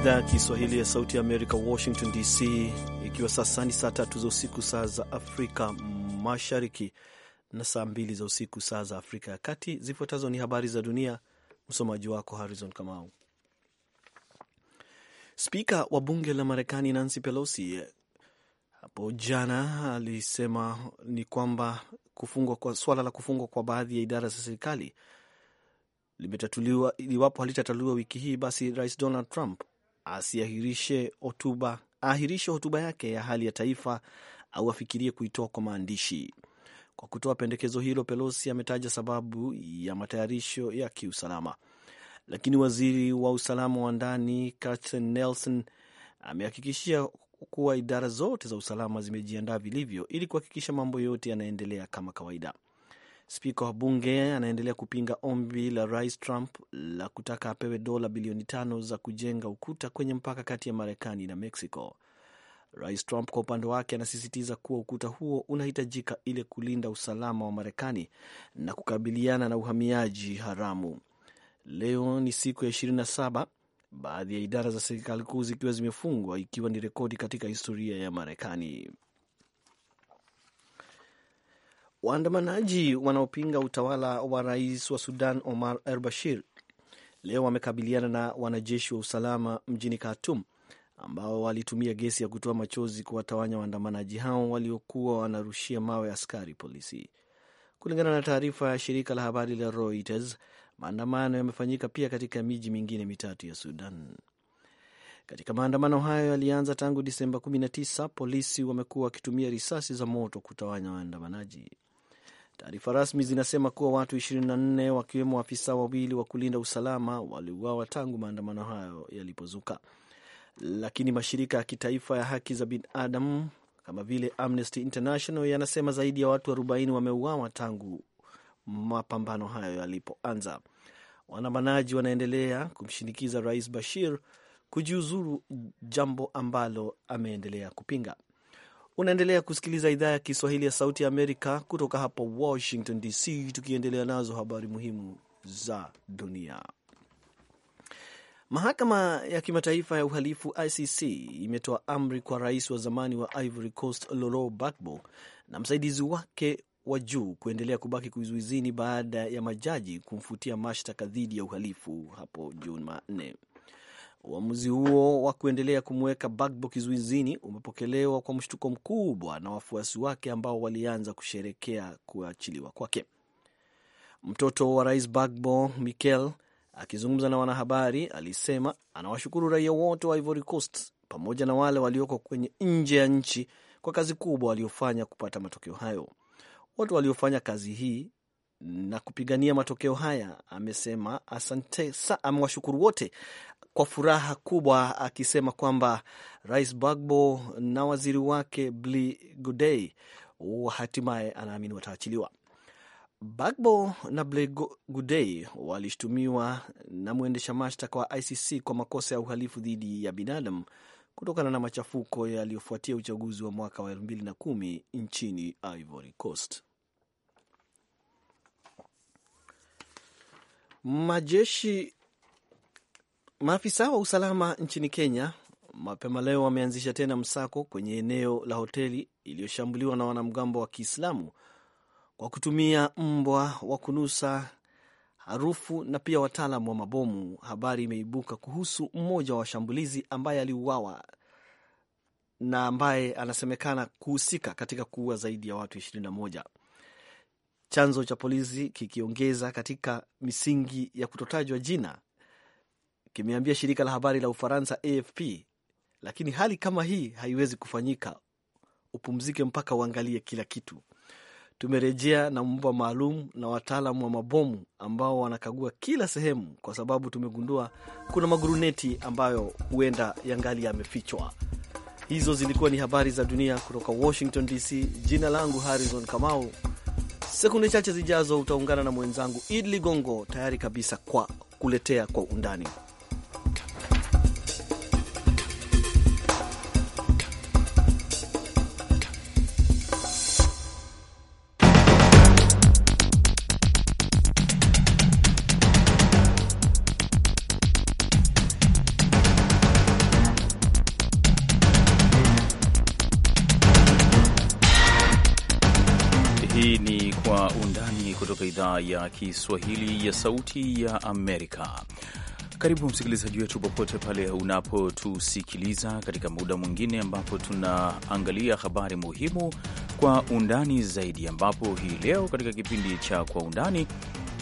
idhaa ya Kiswahili ya Sauti ya Amerika, Washington DC, ikiwa sasa ni saa tatu za usiku saa za Afrika Mashariki na saa mbili za usiku saa za Afrika ya Kati. Zifuatazo ni habari za dunia, msomaji wako Harrison Kamau. Spika wa bunge la Marekani Nancy Pelosi hapo jana alisema ni kwamba kufungwa kwa, swala la kufungwa kwa baadhi ya idara za serikali limetatuliwa iwapo halitatatuliwa wiki hii, basi Rais Donald Trump asiahirishe hotuba aahirishe hotuba yake ya hali ya taifa au afikirie kuitoa kwa maandishi. Kwa kutoa pendekezo hilo, Pelosi ametaja sababu ya matayarisho ya kiusalama, lakini waziri wa usalama wa ndani Kirsten Nelson amehakikishia kuwa idara zote za usalama zimejiandaa vilivyo ili kuhakikisha mambo yote yanaendelea kama kawaida. Spika wa bunge anaendelea kupinga ombi la rais Trump la kutaka apewe dola bilioni tano za kujenga ukuta kwenye mpaka kati ya Marekani na Mexico. Rais Trump kwa upande wake anasisitiza kuwa ukuta huo unahitajika ili kulinda usalama wa Marekani na kukabiliana na uhamiaji haramu. Leo ni siku ya 27 baadhi ya idara za serikali kuu zikiwa zimefungwa, ikiwa ni rekodi katika historia ya Marekani. Waandamanaji wanaopinga utawala wa rais wa Sudan Omar al Bashir leo wamekabiliana na wanajeshi wa usalama mjini Khartoum ambao walitumia gesi ya kutoa machozi kuwatawanya waandamanaji hao waliokuwa wanarushia mawe askari polisi. Kulingana na taarifa ya shirika la habari la Reuters, maandamano yamefanyika pia katika miji mingine mitatu ya Sudan. Katika maandamano hayo yalianza tangu Disemba 19, polisi wamekuwa wakitumia risasi za moto kutawanya waandamanaji. Taarifa rasmi zinasema kuwa watu 24 wakiwemo waafisa wawili wa kulinda usalama waliuawa tangu maandamano hayo yalipozuka, lakini mashirika ya kitaifa ya haki za binadamu kama vile Amnesty International yanasema zaidi ya watu 40 wameuawa tangu mapambano hayo yalipoanza. Waandamanaji wanaendelea kumshinikiza Rais Bashir kujiuzuru, jambo ambalo ameendelea kupinga. Unaendelea kusikiliza idhaa ya Kiswahili ya Sauti ya Amerika kutoka hapa Washington DC, tukiendelea nazo habari muhimu za dunia. Mahakama ya Kimataifa ya Uhalifu ICC imetoa amri kwa rais wa zamani wa Ivory Coast Loro Gbagbo na msaidizi wake wa juu kuendelea kubaki kizuizini baada ya majaji kumfutia mashtaka dhidi ya uhalifu hapo Jumanne. Uamuzi huo wa kuendelea kumweka Bagbo kizuizini umepokelewa kwa mshtuko mkubwa na wafuasi wake ambao walianza kusherekea kuachiliwa kwake. Mtoto wa rais Bagbo, Mikel, akizungumza na wanahabari, alisema anawashukuru raia wote wa Ivory Coast pamoja na wale walioko kwenye nje ya nchi kwa kazi kubwa waliofanya kupata matokeo hayo. Watu waliofanya kazi hii na kupigania matokeo haya, amesema asante. Amewashukuru wote, kwa furaha kubwa akisema kwamba Rais bagbo na waziri wake Bli Gudei uh, hatimaye anaamini wataachiliwa. Bagbo na Bli Gudei walishutumiwa na mwendesha mashtaka wa ICC kwa makosa ya uhalifu dhidi ya binadamu kutokana na machafuko yaliyofuatia uchaguzi wa mwaka wa 2010 nchini Ivory Coast. Majeshi Maafisa wa usalama nchini Kenya mapema leo wameanzisha tena msako kwenye eneo la hoteli iliyoshambuliwa na wanamgambo wa Kiislamu kwa kutumia mbwa wa kunusa harufu na pia wataalam wa mabomu. Habari imeibuka kuhusu mmoja wa washambulizi ambaye aliuawa na ambaye anasemekana kuhusika katika kuua zaidi ya watu 21. Chanzo cha polisi kikiongeza katika misingi ya kutotajwa jina kimeambia shirika la habari la Ufaransa AFP, lakini hali kama hii haiwezi kufanyika, upumzike mpaka uangalie kila kitu. Tumerejea na mbwa maalum na wataalamu wa mabomu ambao wanakagua kila sehemu, kwa sababu tumegundua kuna maguruneti ambayo huenda yangali yamefichwa. Hizo zilikuwa ni habari za dunia kutoka Washington DC. Jina langu Harrison Kamau. Sekunde chache zijazo utaungana na mwenzangu Idli Ligongo, tayari kabisa kwa kuletea kwa undani idhaa ya Kiswahili ya Sauti ya Amerika. Karibu msikilizaji wetu popote pale unapotusikiliza katika muda mwingine ambapo tunaangalia habari muhimu kwa undani zaidi, ambapo hii leo katika kipindi cha Kwa Undani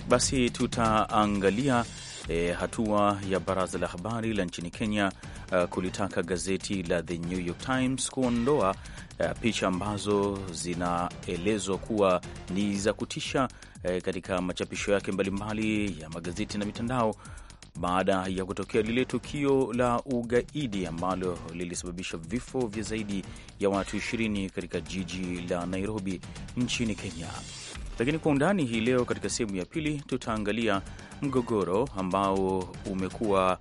basi tutaangalia e, hatua ya baraza la habari la nchini Kenya uh, kulitaka gazeti la The New York Times kuondoa uh, picha ambazo zinaelezwa kuwa ni za kutisha uh, katika machapisho yake mbalimbali ya magazeti na mitandao baada ya kutokea lile tukio la ugaidi ambalo lilisababisha vifo vya zaidi ya watu 20 katika jiji la Nairobi nchini Kenya. Lakini kwa undani hii leo, katika sehemu ya pili, tutaangalia mgogoro ambao umekuwa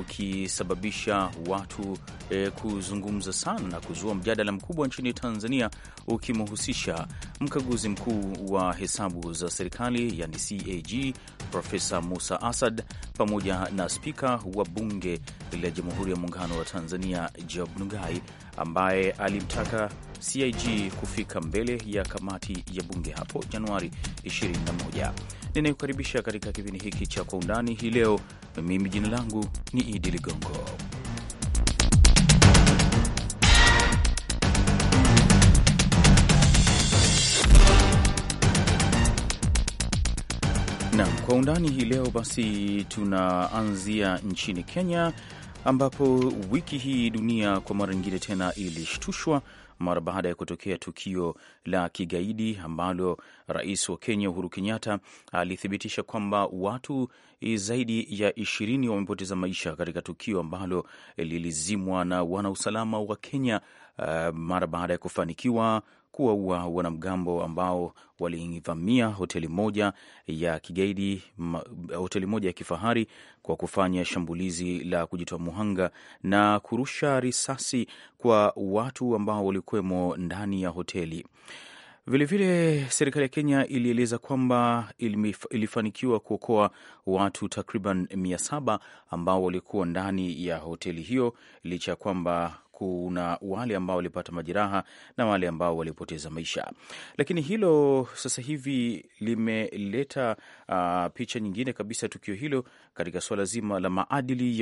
ukisababisha watu e, kuzungumza sana na kuzua mjadala mkubwa nchini Tanzania ukimhusisha mkaguzi mkuu wa hesabu za serikali yani CAG Profesa Musa Asad pamoja na spika wa bunge la Jamhuri ya Muungano wa Tanzania Job Ndugai ambaye alimtaka CAG kufika mbele ya kamati ya bunge hapo Januari 21. Ninayekukaribisha katika kipindi hiki cha Kwa Undani hii leo. Mimi jina langu ni Idi Ligongo. Naam, kwa undani hii leo basi tunaanzia nchini Kenya ambapo wiki hii dunia kwa mara nyingine tena ilishtushwa mara baada ya kutokea tukio la kigaidi ambalo rais wa Kenya Uhuru Kenyatta alithibitisha kwamba watu zaidi ya ishirini wamepoteza maisha katika tukio ambalo lilizimwa na wanausalama wa Kenya uh, mara baada ya kufanikiwa kuwaua wanamgambo ambao walivamia hoteli moja ya kigaidi, hoteli moja ya kifahari kwa kufanya shambulizi la kujitoa muhanga na kurusha risasi kwa watu ambao walikuwemo ndani ya hoteli. Vilevile, serikali ya Kenya ilieleza kwamba ilifanikiwa kuokoa watu takriban mia saba ambao walikuwa ndani ya hoteli hiyo licha ya kwamba kuna wale ambao walipata majeraha na wale ambao walipoteza maisha, lakini hilo sasa hivi limeleta uh, picha nyingine kabisa tukio hilo katika suala zima la maadili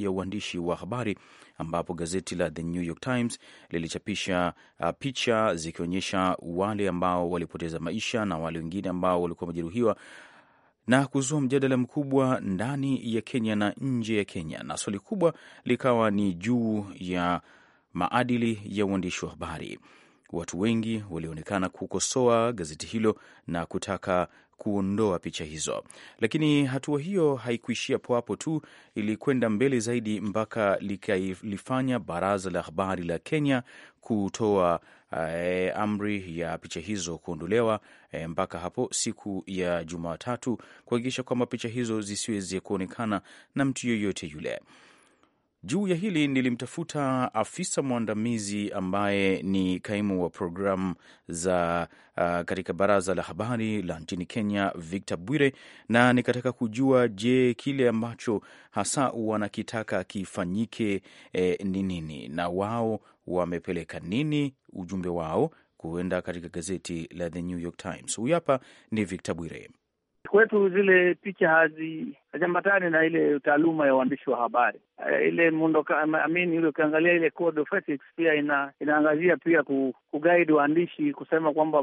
ya uandishi wa habari, ambapo gazeti la The New York Times lilichapisha uh, picha zikionyesha wale ambao walipoteza maisha na wale wengine ambao walikuwa wamejeruhiwa na kuzua mjadala mkubwa ndani ya Kenya na nje ya Kenya, na swali kubwa likawa ni juu ya maadili ya uandishi wa habari. Watu wengi walionekana kukosoa gazeti hilo na kutaka kuondoa picha hizo, lakini hatua hiyo haikuishia hapo tu, ilikwenda mbele zaidi mpaka likalifanya baraza la habari la Kenya kutoa e, amri ya picha hizo kuondolewa e, mpaka hapo siku ya Jumatatu kuhakikisha kwamba picha hizo zisiweze kuonekana na mtu yoyote yule. Juu ya hili nilimtafuta afisa mwandamizi ambaye ni kaimu wa programu za uh, katika baraza la habari la nchini Kenya, Victor Bwire, na nikataka kujua je, kile ambacho hasa wanakitaka kifanyike eh, ni eh, nini, na wao wamepeleka nini ujumbe wao kuenda katika gazeti la The New York Times. Huyu hapa ni Victor Bwire kwetu zile picha haziambatani na ile taaluma ya uandishi wa habari uh, ile mundo amini ule ukiangalia ile code of ethics pia ina, inaangazia pia ku, kuguide waandishi kusema kwamba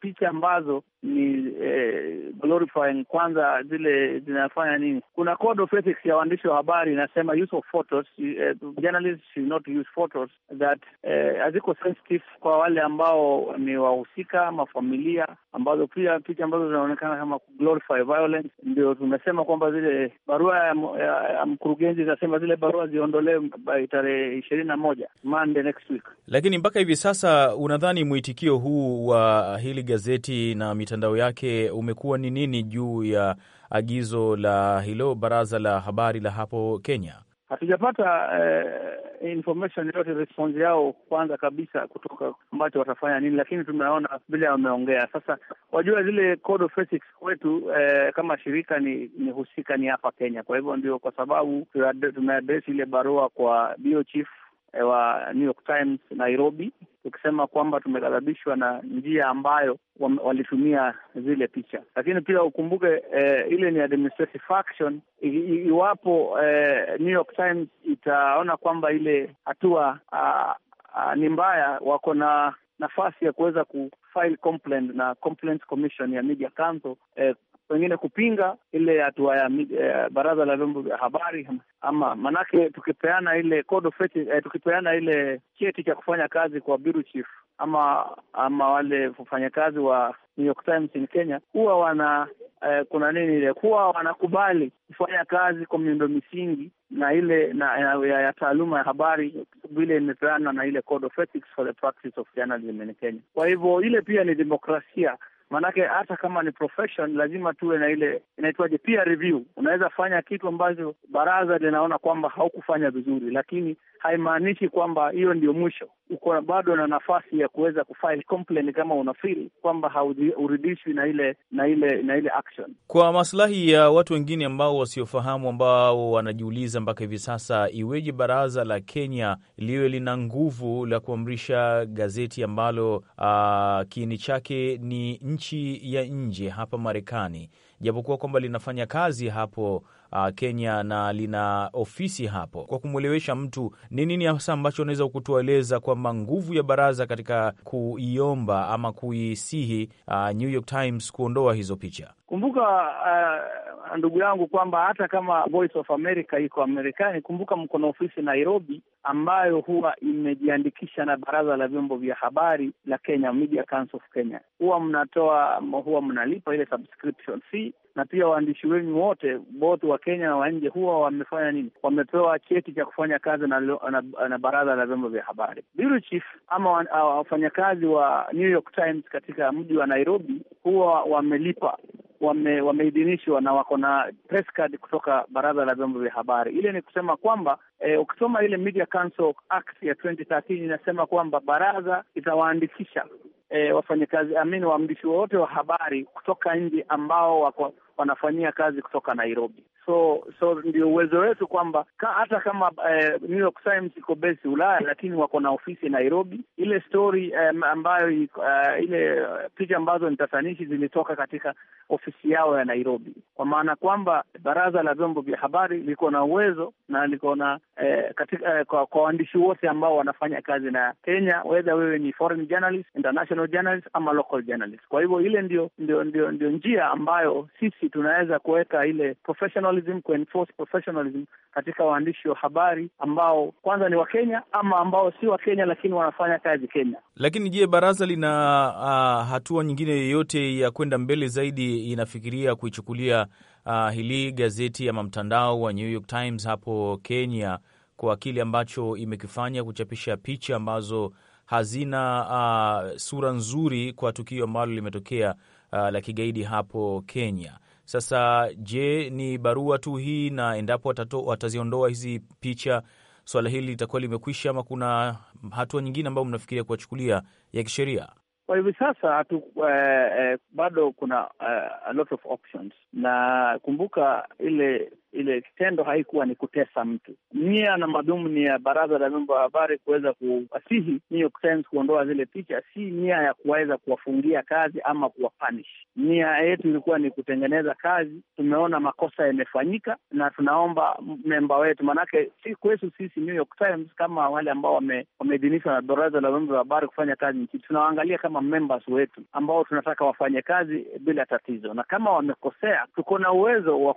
picha ambazo ni eh, glorifying kwanza zile zinafanya nini. Kuna code of ethics ya waandishi wa habari inasema use of photos, uh, journalists should not use photos that eh, haziko uh, sensitive kwa wale ambao ni wahusika ama familia, ambazo pia picha ambazo zinaonekana kama glorify violence. Ndio tumesema kwamba zile barua ya, ya, ya mkurugenzi zinasema zile barua ziondolewe by tarehe ishirini na moja Monday next week. Lakini mpaka hivi sasa unadhani mwitikio huu wa uh, hili hili gazeti na mitandao yake umekuwa ni nini juu ya agizo la hilo baraza la habari la hapo Kenya? Hatujapata eh, information yoyote response yao kwanza kabisa kutoka ambacho watafanya nini, lakini tumeona vile wameongea sasa. Wajua zile code of ethics kwetu eh, kama shirika ni, ni husika ni hapa Kenya, kwa hivyo ndio kwa sababu tumeadresi ile barua kwa bio chief Eh, wa New York Times Nairobi, ukisema kwamba tumeghadhabishwa na njia ambayo walitumia zile picha, lakini pia ukumbuke eh, ile ni administrative faction. Iwapo eh, New York Times itaona kwamba ile hatua ah, ah, ni mbaya, wako na nafasi ya kuweza ku file complaint na complaint commission ya media council eh, wengine kupinga ile hatua ya eh, baraza la vyombo vya habari ama manake, tukipeana ile code of ethics, eh, tukipeana ile cheti cha kufanya kazi kwa bureau chief ama ama wale wafanyakazi wa New York Times in Kenya huwa wana eh, kuna nini ile kuwa wanakubali kufanya kazi kwa miundo misingi na ile na, na, ya, ya taaluma ya habari vile imepeana na ile code of ethics for the practice of journalism in Kenya. Kwa hivyo ile pia ni demokrasia Maanake hata kama ni profession lazima tuwe na ile inaitwaje, peer review. Unaweza fanya kitu ambacho baraza linaona kwamba haukufanya vizuri, lakini haimaanishi kwamba hiyo ndio mwisho. Uko bado na nafasi ya kuweza kufile complaint kama unafeel kwamba hauridhishwi na ile na ile na ile action. Kwa maslahi ya watu wengine ambao wasiofahamu, ambao wanajiuliza mpaka hivi sasa, iweje baraza la Kenya liwe lina nguvu la kuamrisha gazeti ambalo uh, kiini chake ni nchi ya nje hapa Marekani, japokuwa kwamba linafanya kazi hapo uh, Kenya na lina ofisi hapo. Kwa kumwelewesha mtu ni nini hasa ambacho unaweza kutueleza kwamba nguvu ya baraza katika kuiomba ama kuisihi uh, New York Times kuondoa hizo picha? Kumbuka uh, ndugu yangu kwamba hata kama Voice of America iko Amerikani, kumbuka mko na ofisi Nairobi ambayo huwa imejiandikisha na baraza la vyombo vya habari la Kenya, Media Council of Kenya. Huwa mnatoa, huwa mnalipa ile subscription fee, na pia waandishi wenu wote both wa Kenya na wa nje huwa wamefanya nini? Wamepewa cheti cha kufanya kazi na, na, na baraza la vyombo vya habari. Bureau chief ama wafanyakazi wa New York Times katika mji wa Nairobi huwa wamelipa wame, wameidhinishwa na wako na press card kutoka baraza la vyombo vya habari. Ile ni kusema kwamba e, ukisoma ile Media Council Act ya 2013 inasema kwamba baraza itawaandikisha e, wafanyakazi amini waandishi wote wa habari kutoka nje ambao wako wanafanyia kazi kutoka Nairobi. So so ndio uwezo wetu kwamba ka, hata kama eh, New York Times iko besi Ulaya, lakini wako na ofisi Nairobi. Ile story eh, ambayo eh, ile eh, picha ambazo ni tatanishi zilitoka katika ofisi yao ya Nairobi, kwa maana kwamba baraza la vyombo vya habari liko na uwezo na liko na eh, katika, eh, kwa, kwa waandishi wote ambao wanafanya kazi na Kenya, whether wewe ni foreign journalist, international journalist ama local journalist. Kwa hivyo ile ndio ndio ndio njia ambayo sisi sisi tunaweza kuweka ile professionalism, kuenforce professionalism katika waandishi wa habari ambao kwanza ni Wakenya ama ambao si Wakenya lakini wanafanya kazi Kenya. Lakini je, baraza lina uh, hatua nyingine yoyote ya kwenda mbele zaidi inafikiria kuichukulia uh, hili gazeti ama mtandao wa New York Times hapo Kenya kwa kile ambacho imekifanya kuchapisha picha ambazo hazina uh, sura nzuri kwa tukio ambalo limetokea uh, la kigaidi hapo Kenya. Sasa je, ni barua tu hii, na endapo watato, wataziondoa hizi picha swala hili litakuwa limekwisha, ama kuna hatua nyingine ambayo mnafikiria kuwachukulia ya kisheria? Kwa hivi sasa hatu, eh, eh, bado kuna eh, a lot of options na kumbuka ile ile kitendo haikuwa ni kutesa mtu. Nia na madhumuni ya baraza la vyombo vya habari kuweza kuwasihi New York Times kuondoa zile picha si nia ya kuweza kuwafungia kazi ama kuwapunish. Nia yetu ilikuwa ni kutengeneza kazi. Tumeona makosa yamefanyika na tunaomba memba wetu, maanake si kwetu sisi New York Times kama wale ambao wameidhinishwa na baraza la vyombo vya habari kufanya kazi nchini, tunawaangalia kama members wetu ambao tunataka wafanye kazi bila tatizo, na kama wamekosea tuko na uwezo wa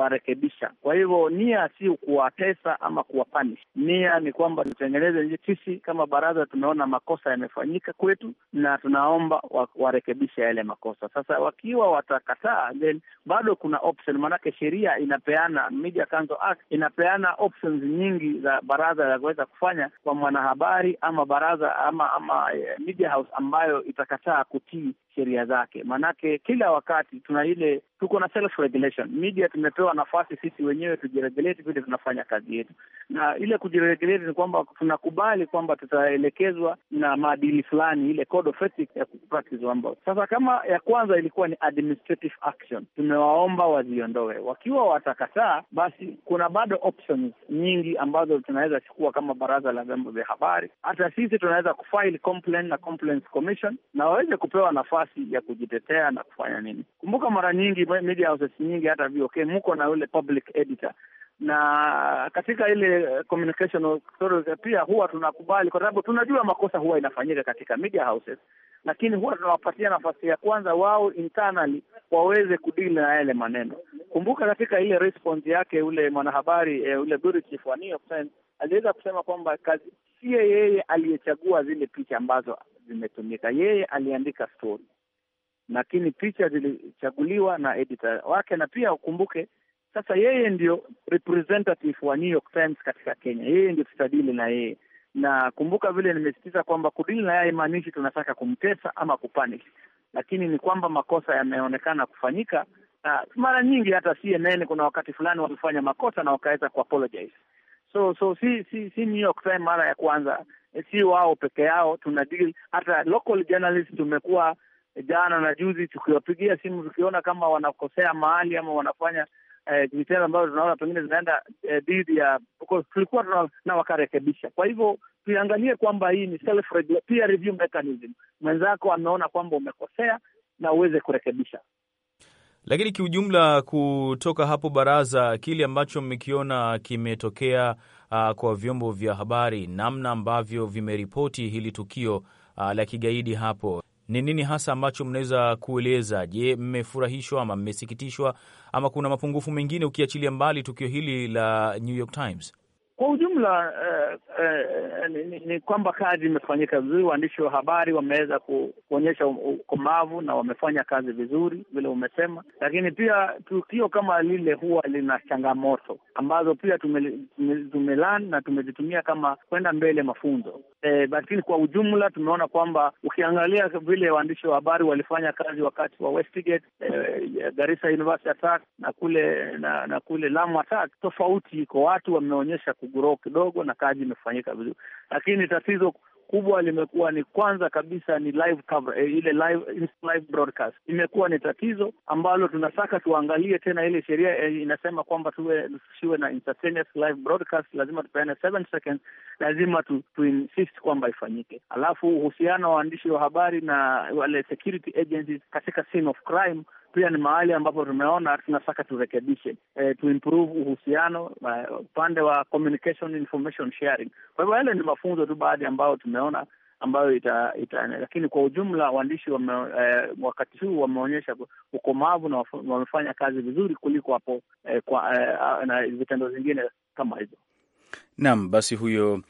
kuwarekebisha. Kwa hivyo nia si kuwatesa ama kuwapanish, nia ni kwamba tutengeneze, sisi kama baraza tumeona makosa yamefanyika kwetu na tunaomba warekebishe yale makosa. Sasa wakiwa watakataa, then bado kuna option, maanake sheria inapeana, Media Council Act inapeana options nyingi za baraza ya kuweza kufanya kwa mwanahabari ama baraza ama, ama eh, media house ambayo itakataa kutii sheria zake, maanake kila wakati tuna ile tuko na self regulation. Media tumepewa nafasi sisi wenyewe tujiregulate vile tunafanya kazi yetu, na ile kujiregulate ni kwamba tunakubali kwamba tutaelekezwa na maadili fulani, ile code of ethics ya Sasa kama ya kwanza ilikuwa ni administrative action, tumewaomba waziondoe. Wakiwa watakataa, basi kuna bado options nyingi ambazo tunaweza chukua kama baraza la vyombo vya habari. Hata sisi tunaweza kufile complaint na complaints commission na waweze kupewa nafasi nafasi ya kujitetea na kufanya nini. Kumbuka mara nyingi media houses nyingi, hata VOK mko na yule public editor na katika ile eh, communication pia huwa tunakubali, kwa sababu tunajua makosa huwa inafanyika katika media houses, lakini huwa tunawapatia nafasi ya kwanza wao internally waweze kudili na yale maneno. Kumbuka katika ile response yake ule mwanahabari eh, ule bureau chief wa New York Times aliweza kusema kwamba kazi siye yeye aliyechagua zile picha ambazo zimetumika, yeye aliandika story lakini picha zilichaguliwa na editor wake, na pia ukumbuke sasa yeye ndio representative wa New York Times katika Kenya, yeye ndio tutadili na yeye na kumbuka vile nimesisitiza kwamba kudili na yeye haimaanishi tunataka kumtesa ama kupunish, lakini ni kwamba makosa yameonekana kufanyika. Na mara nyingi hata CNN kuna wakati fulani walifanya makosa na wakaweza kuapologize. So so si si, si New York Times mara ya kwanza, si wao peke yao. Tuna deal hata local journalists tumekuwa jana na juzi, tukiwapigia simu tukiona kama wanakosea mahali ama wanafanya eh, vitendo ambavyo tunaona pengine zinaenda eh, dhidi ya tulikuwa tuna, na wakarekebisha. Kwa hivyo tuiangalie kwamba hii ni self peer review mechanism, mwenzako ameona kwamba umekosea na uweze kurekebisha. Lakini kiujumla, kutoka hapo baraza, kile ambacho mmekiona kimetokea uh, kwa vyombo vya habari, namna ambavyo vimeripoti hili tukio uh, la kigaidi hapo ni nini hasa ambacho mnaweza kueleza? Je, mmefurahishwa ama mmesikitishwa ama kuna mapungufu mengine, ukiachilia mbali tukio hili la New York Times? Kwa ujumla eh, eh, ni, ni, kwamba kazi imefanyika vizuri. Waandishi wa habari wameweza kuonyesha ukomavu na wamefanya kazi vizuri vile umesema, lakini pia tukio kama lile huwa lina changamoto ambazo pia tumelan na tumezitumia kama kwenda mbele mafunzo eh, lakini kwa ujumla tumeona kwamba ukiangalia vile waandishi wa habari walifanya kazi wakati wa Westgate, eh, Garissa University attack na kule na, na kule Lamu attack, tofauti iko, watu wameonyesha kugrow kidogo na kazi imefanyika vizuri, lakini tatizo kubwa limekuwa ni kwanza kabisa ni live eh, ile live, live broadcast imekuwa ni tatizo ambalo tunataka tuangalie tena. Ile sheria eh, inasema kwamba tuwe tusiwe na instantaneous live broadcast, lazima tupeane seconds, lazima tu, tu insist kwamba ifanyike. Alafu uhusiano wa waandishi wa habari na wale security agencies katika scene of crime pia ni mahali ambapo tumeona tunataka turekebishe, e, eh, tuimprove uhusiano eh, upande wa communication information sharing. Kwa hivyo yale ni mafunzo tu baadhi ambayo tumeona ambayo ita, ita, lakini kwa ujumla waandishi wame, eh, wakati huu wameonyesha ukomavu na wamefanya kazi vizuri kuliko hapo eh, kwa eh, na vitendo zingine kama hizo. Naam, basi huyo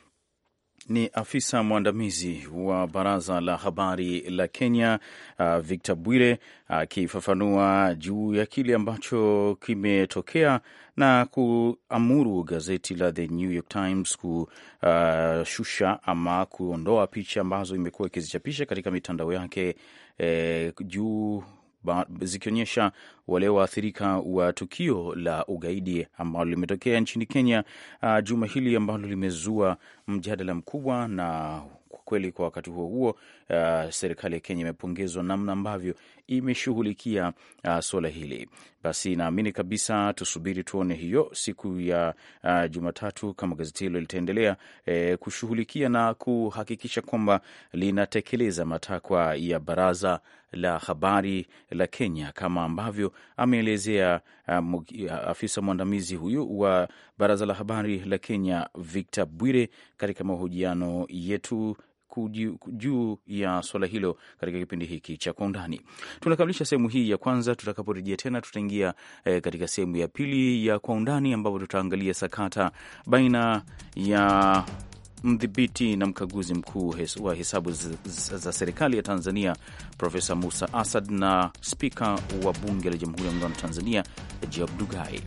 ni afisa mwandamizi wa baraza la habari la Kenya, uh, Victor Bwire akifafanua uh, juu ya kile ambacho kimetokea na kuamuru gazeti la The New York Times kushusha uh, ama kuondoa picha ambazo imekuwa ikizichapisha katika mitandao yake eh, juu zikionyesha wale waathirika wa tukio la ugaidi ambalo limetokea nchini Kenya uh, juma hili ambalo limezua mjadala mkubwa na kwa kweli, kwa wakati huo huo uh, serikali ya Kenya imepongezwa namna ambavyo imeshughulikia uh, suala hili. Basi naamini kabisa tusubiri tuone hiyo siku ya uh, Jumatatu kama gazeti hilo litaendelea eh, kushughulikia na kuhakikisha kwamba linatekeleza matakwa ya baraza la habari la Kenya kama ambavyo ameelezea uh, uh afisa mwandamizi huyu wa baraza la habari la Kenya Victor Bwire katika mahojiano yetu juu ya swala hilo katika kipindi hiki cha Kwa Undani. Tunakamilisha sehemu hii ya kwanza. Tutakaporejea tena, tutaingia e, katika sehemu ya pili ya Kwa Undani, ambapo tutaangalia sakata baina ya mdhibiti na mkaguzi mkuu wa hesabu za serikali ya Tanzania Profesa Musa Asad na spika wa bunge la Jamhuri ya Muungano wa Tanzania Job Dugai.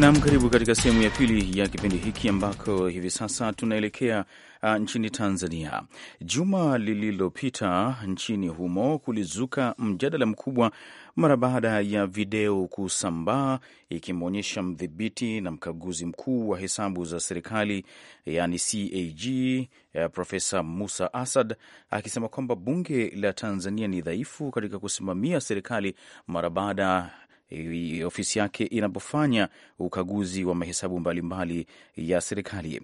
Nam, karibu katika sehemu ya pili ya kipindi hiki ambako hivi sasa tunaelekea uh, nchini Tanzania. Juma lililopita nchini humo kulizuka mjadala mkubwa mara baada ya video kusambaa ikimwonyesha mdhibiti na mkaguzi mkuu wa hesabu za serikali yani CAG ya uh, Profesa Musa Asad akisema kwamba bunge la Tanzania ni dhaifu katika kusimamia serikali mara baada ofisi yake inapofanya ukaguzi wa mahesabu mbalimbali mbali ya serikali.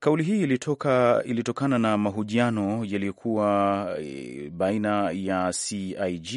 Kauli hii ilitoka, ilitokana na mahojiano yaliyokuwa e, baina ya CIG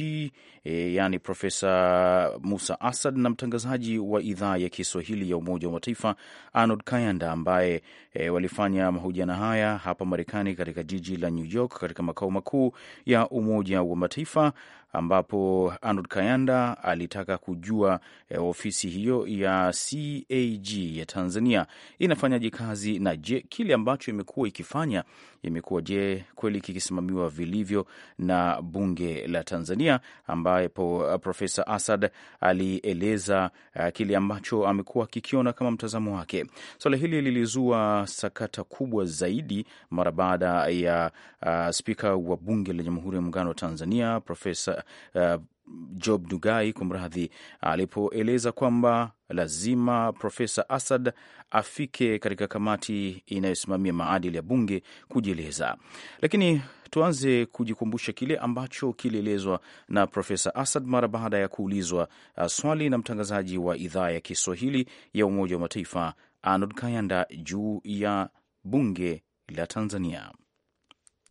e, yani Profesa Musa Asad na mtangazaji wa idhaa ya Kiswahili ya Umoja wa Mataifa Arnold Kayanda ambaye e, walifanya mahojiano haya hapa Marekani katika jiji la New York katika makao makuu ya Umoja wa Mataifa ambapo Arnold Kayanda alitaka kujua eh, ofisi hiyo ya CAG ya Tanzania inafanyaje kazi na je, kile ambacho imekuwa ikifanya imekuwa je kweli kikisimamiwa vilivyo na bunge la Tanzania, ambapo eh, Profesa Asad alieleza uh, kile ambacho amekuwa akikiona kama mtazamo wake. Swala so, hili lilizua sakata kubwa zaidi mara baada ya uh, spika wa bunge la Jamhuri ya Muungano wa Tanzania Profesa uh, Job Dugai kumradhi, alipoeleza kwamba lazima Profesa Asad afike katika kamati inayosimamia maadili ya bunge kujieleza. Lakini tuanze kujikumbusha kile ambacho kilielezwa na Profesa Asad mara baada ya kuulizwa uh, swali na mtangazaji wa idhaa ya Kiswahili ya Umoja wa Mataifa Arnold Kayanda juu ya bunge la Tanzania.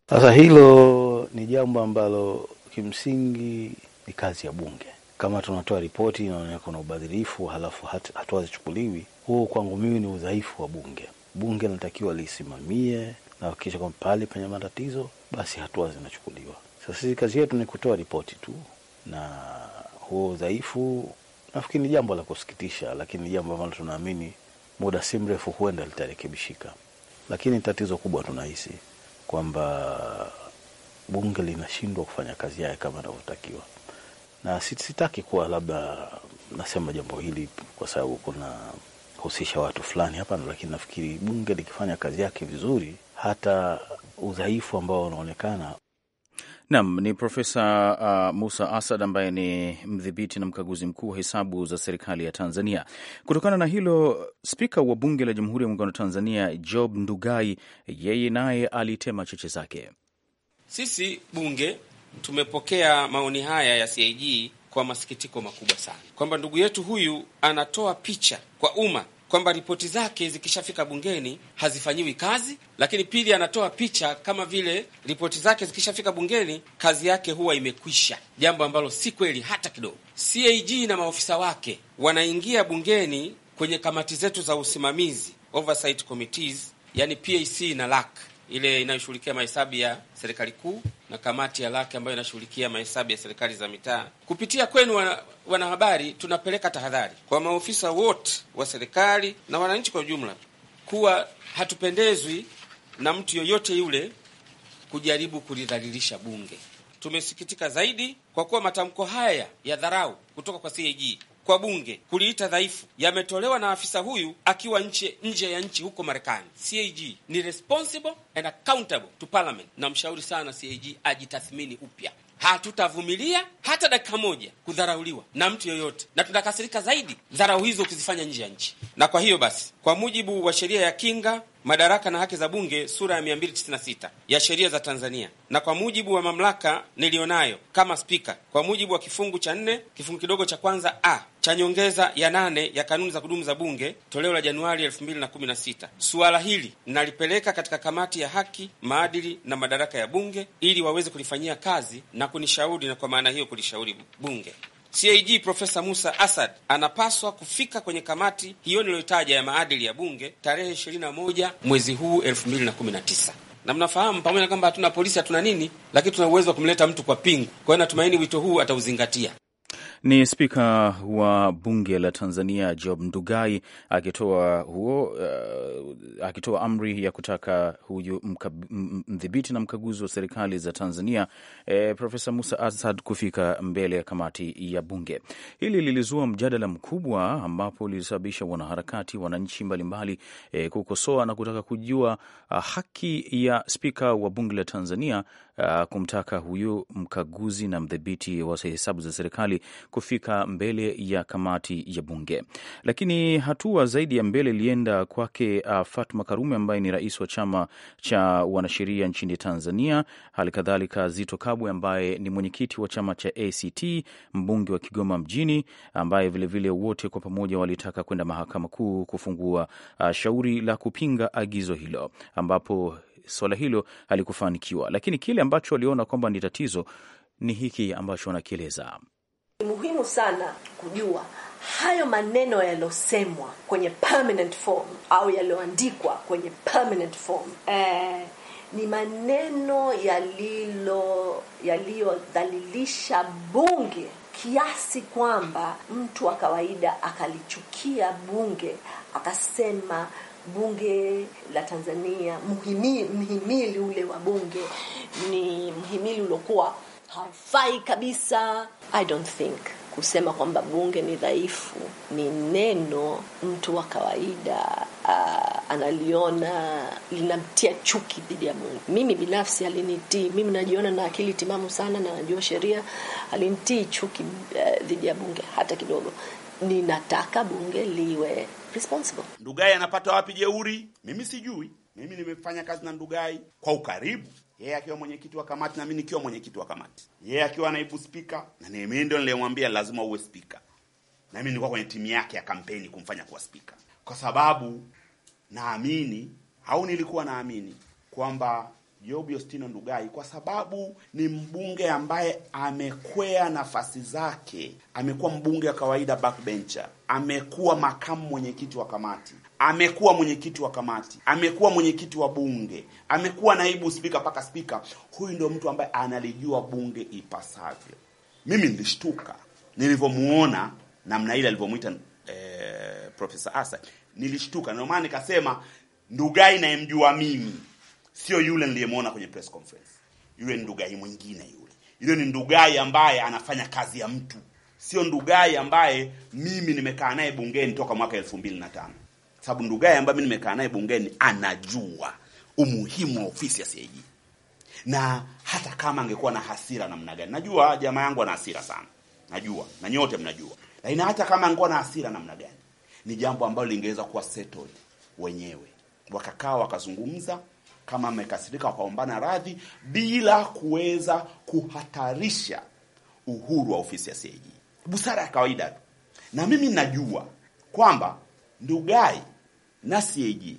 Sasa hilo ni jambo ambalo kimsingi ni kazi ya bunge. Kama tunatoa ripoti inaonekana kuna ubadhirifu halafu hatua zichukuliwi, huo kwangu mimi ni udhaifu wa bunge. Bunge linatakiwa lisimamie na hakikisha kwamba pale penye matatizo basi hatua zinachukuliwa. Sasa sisi kazi yetu ni kutoa ripoti tu, na huo udhaifu nafikiri ni jambo la kusikitisha, lakini ni jambo ambalo tunaamini muda si mrefu huenda litarekebishika. Lakini tatizo kubwa tunahisi kwamba bunge linashindwa kufanya kazi yake kama inavyotakiwa, na sitaki kuwa labda nasema jambo hili kwa sababu kuna husisha watu fulani hapana, lakini nafikiri bunge likifanya kazi yake vizuri, hata udhaifu ambao unaonekana Nam ni Profesa uh, Musa Asad ambaye ni mdhibiti na mkaguzi mkuu wa hesabu za serikali ya Tanzania. Kutokana na hilo, spika wa bunge la Jamhuri ya Muungano wa Tanzania Job Ndugai, yeye naye alitema cheche zake. Sisi bunge tumepokea maoni haya ya CAG kwa masikitiko makubwa sana, kwamba ndugu yetu huyu anatoa picha kwa umma kwamba ripoti zake zikishafika bungeni hazifanyiwi kazi, lakini pili, anatoa picha kama vile ripoti zake zikishafika bungeni kazi yake huwa imekwisha, jambo ambalo si kweli hata kidogo. CAG na maofisa wake wanaingia bungeni kwenye kamati zetu za usimamizi, oversight committees, yani PAC na LAC ile inayoshughulikia mahesabu ya serikali kuu na kamati ya lake ambayo inashughulikia mahesabu ya serikali za mitaa. Kupitia kwenu wana, wanahabari, tunapeleka tahadhari kwa maofisa wote wa serikali na wananchi kwa ujumla kuwa hatupendezwi na mtu yoyote yule kujaribu kulidhalilisha Bunge. Tumesikitika zaidi kwa kuwa matamko haya ya dharau kutoka kwa CAG kwa bunge kuliita dhaifu yametolewa na afisa huyu akiwa nje nje ya nchi huko Marekani. CAG ni responsible and accountable to parliament. Namshauri sana CAG ajitathmini upya. Hatutavumilia hata dakika moja kudharauliwa na mtu yoyote, na tunakasirika zaidi dharau hizo ukizifanya nje ya nchi. Na kwa hiyo basi, kwa mujibu wa sheria ya kinga madaraka na haki za bunge sura ya 296 ya sheria za Tanzania, na kwa mujibu wa mamlaka niliyonayo kama spika, kwa mujibu wa kifungu cha nne kifungu kidogo cha kwanza a cha nyongeza ya nane ya kanuni za kudumu za bunge toleo la Januari 2016, suala hili nalipeleka katika kamati ya haki, maadili na madaraka ya bunge ili waweze kulifanyia kazi na kunishauri, na kwa maana hiyo kulishauri bunge. CAG Profesa Musa Asad anapaswa kufika kwenye kamati hiyo niliyotaja ya maadili ya bunge tarehe 21 mwezi huu 2019 na mnafahamu pamoja na kwamba hatuna polisi hatuna nini, lakini tuna uwezo wa kumleta mtu kwa pingu. Kwa hiyo natumaini wito huu atauzingatia. Ni spika wa bunge la Tanzania Job Ndugai akitoa huo uh, akitoa amri ya kutaka huyu mdhibiti na mkaguzi wa serikali za Tanzania eh, Profesa Musa Asad kufika mbele ya kamati ya bunge. Hili lilizua mjadala mkubwa ambapo lilisababisha wanaharakati, wananchi mbalimbali eh, kukosoa na kutaka kujua uh, haki ya spika wa bunge la Tanzania uh, kumtaka huyu mkaguzi na mdhibiti wa hesabu za serikali kufika mbele ya kamati ya bunge. Lakini hatua zaidi ya mbele ilienda kwake uh, Fatma Karume ambaye ni rais wa chama cha wanasheria nchini Tanzania, hali kadhalika Zito Kabwe ambaye ni mwenyekiti wa chama cha ACT, mbunge wa Kigoma mjini ambaye vilevile vile wote kwa pamoja walitaka kwenda mahakama kuu kufungua uh, shauri la kupinga agizo hilo ambapo swala hilo halikufanikiwa, lakini kile ambacho waliona kwamba ni tatizo ni hiki ambacho wanakieleza. Ni muhimu sana kujua hayo maneno yaliyosemwa kwenye permanent form au yaliyoandikwa kwenye permanent form eh, ni maneno yaliyodhalilisha bunge kiasi kwamba mtu wa kawaida akalichukia bunge akasema bunge la Tanzania, mhimili, ule wa bunge ni mhimili uliokuwa haufai kabisa. I don't think kusema kwamba bunge ni dhaifu ni neno mtu wa kawaida uh, analiona linamtia chuki dhidi ya bunge. Mimi binafsi alinitii, mimi najiona na akili timamu sana na najua sheria, alinitii chuki uh, dhidi uh, ya bunge hata kidogo. Ninataka bunge liwe responsible. Ndugai anapata wapi jeuri? Mimi sijui. Mimi nimefanya kazi na Ndugai kwa ukaribu, yeye akiwa mwenyekiti wa kamati na mimi nikiwa mwenyekiti wa kamati, yeye akiwa naibu spika, na mimi ndio nilimwambia lazima uwe spika, na mimi nilikuwa kwenye timu yake ya kampeni kumfanya kuwa spika, kwa sababu naamini au nilikuwa naamini kwamba Job Yostino Ndugai kwa sababu ni mbunge ambaye amekwea nafasi zake. Amekuwa mbunge wa kawaida backbencher, amekuwa makamu mwenyekiti wa kamati, amekuwa mwenyekiti wa kamati, amekuwa mwenyekiti wa bunge, amekuwa naibu spika mpaka spika. Huyu ndio mtu ambaye analijua bunge ipasavyo. Mimi nilishtuka nilivyomuona namna ile alivyomwita eh, Profesa Asa, nilishtuka. Ndio maana nikasema Ndugai nayemjua mimi sio yule niliyemwona kwenye press conference. Yule ni Ndugai mwingine yule. Yule ni Ndugai ambaye anafanya kazi ya mtu, sio Ndugai ambaye mimi nimekaa naye bungeni toka mwaka elfu mbili na tano sababu Ndugai ambaye mimi nimekaa naye bungeni anajua umuhimu wa ofisi ya CAG na hata kama angekuwa na hasira namna gani, najua jamaa yangu ana hasira sana, najua na nyote mnajua, lakini hata kama angekuwa na hasira namna gani, ni jambo ambalo lingeweza kuwa settled wenyewe, wakakaa wakazungumza kama amekasirika wakaombana radhi bila kuweza kuhatarisha uhuru wa ofisi ya CAG. Busara ya kawaida tu, na mimi najua kwamba Ndugai na CAG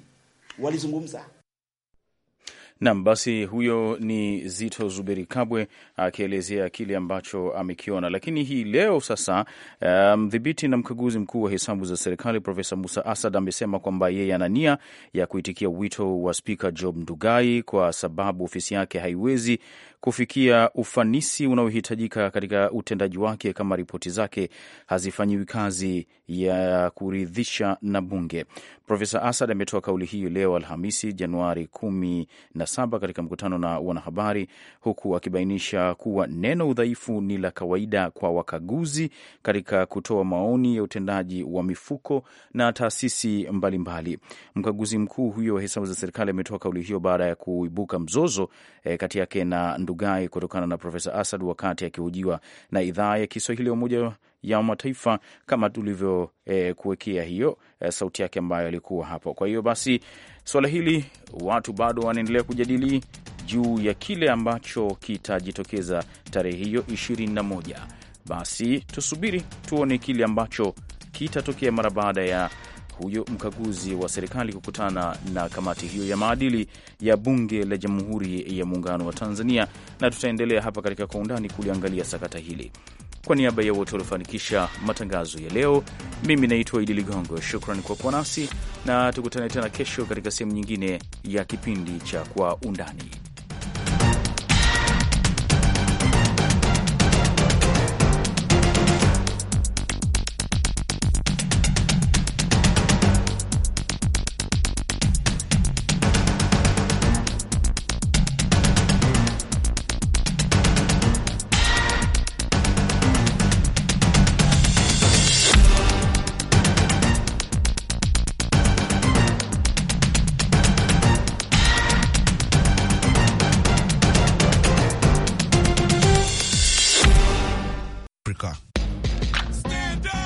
walizungumza Nam, basi huyo ni Zito Zuberi Kabwe akielezea kile ambacho amekiona. Lakini hii leo sasa, um, mdhibiti um, na mkaguzi mkuu wa hesabu za serikali Profesa Musa Asad amesema kwamba yeye ana nia ya kuitikia wito wa Spika Job Ndugai kwa sababu ofisi yake haiwezi kufikia ufanisi unaohitajika katika utendaji wake kama ripoti zake hazifanyiwi kazi ya kuridhisha na Bunge. Profesa Asad ametoa kauli hiyo leo Alhamisi, Januari kumi na saba katika mkutano na wanahabari, huku akibainisha kuwa neno udhaifu ni la kawaida kwa wakaguzi katika kutoa maoni ya utendaji wa mifuko na taasisi mbalimbali Mkaguzi mkuu huyo wa hesabu za serikali ametoa kauli hiyo baada ya kuibuka mzozo e, kati yake na Ndugai kutokana na Profesa Asad wakati akihojiwa na idhaa ya Kiswahili ya Umoja ya Mataifa kama tulivyo e, kuwekea hiyo e, sauti yake ambayo alikuwa hapo. Kwa hiyo basi Suala hili watu bado wanaendelea kujadili juu ya kile ambacho kitajitokeza tarehe hiyo 21. Basi tusubiri tuone kile ambacho kitatokea mara baada ya huyo mkaguzi wa serikali kukutana na kamati hiyo ya maadili ya Bunge la Jamhuri ya Muungano wa Tanzania, na tutaendelea hapa katika Kwa Undani kuliangalia sakata hili. Kwa niaba ya wote waliofanikisha matangazo ya leo, mimi naitwa Idi Ligongo. Shukran kwa kuwa nasi na tukutane tena kesho katika sehemu nyingine ya kipindi cha Kwa Undani.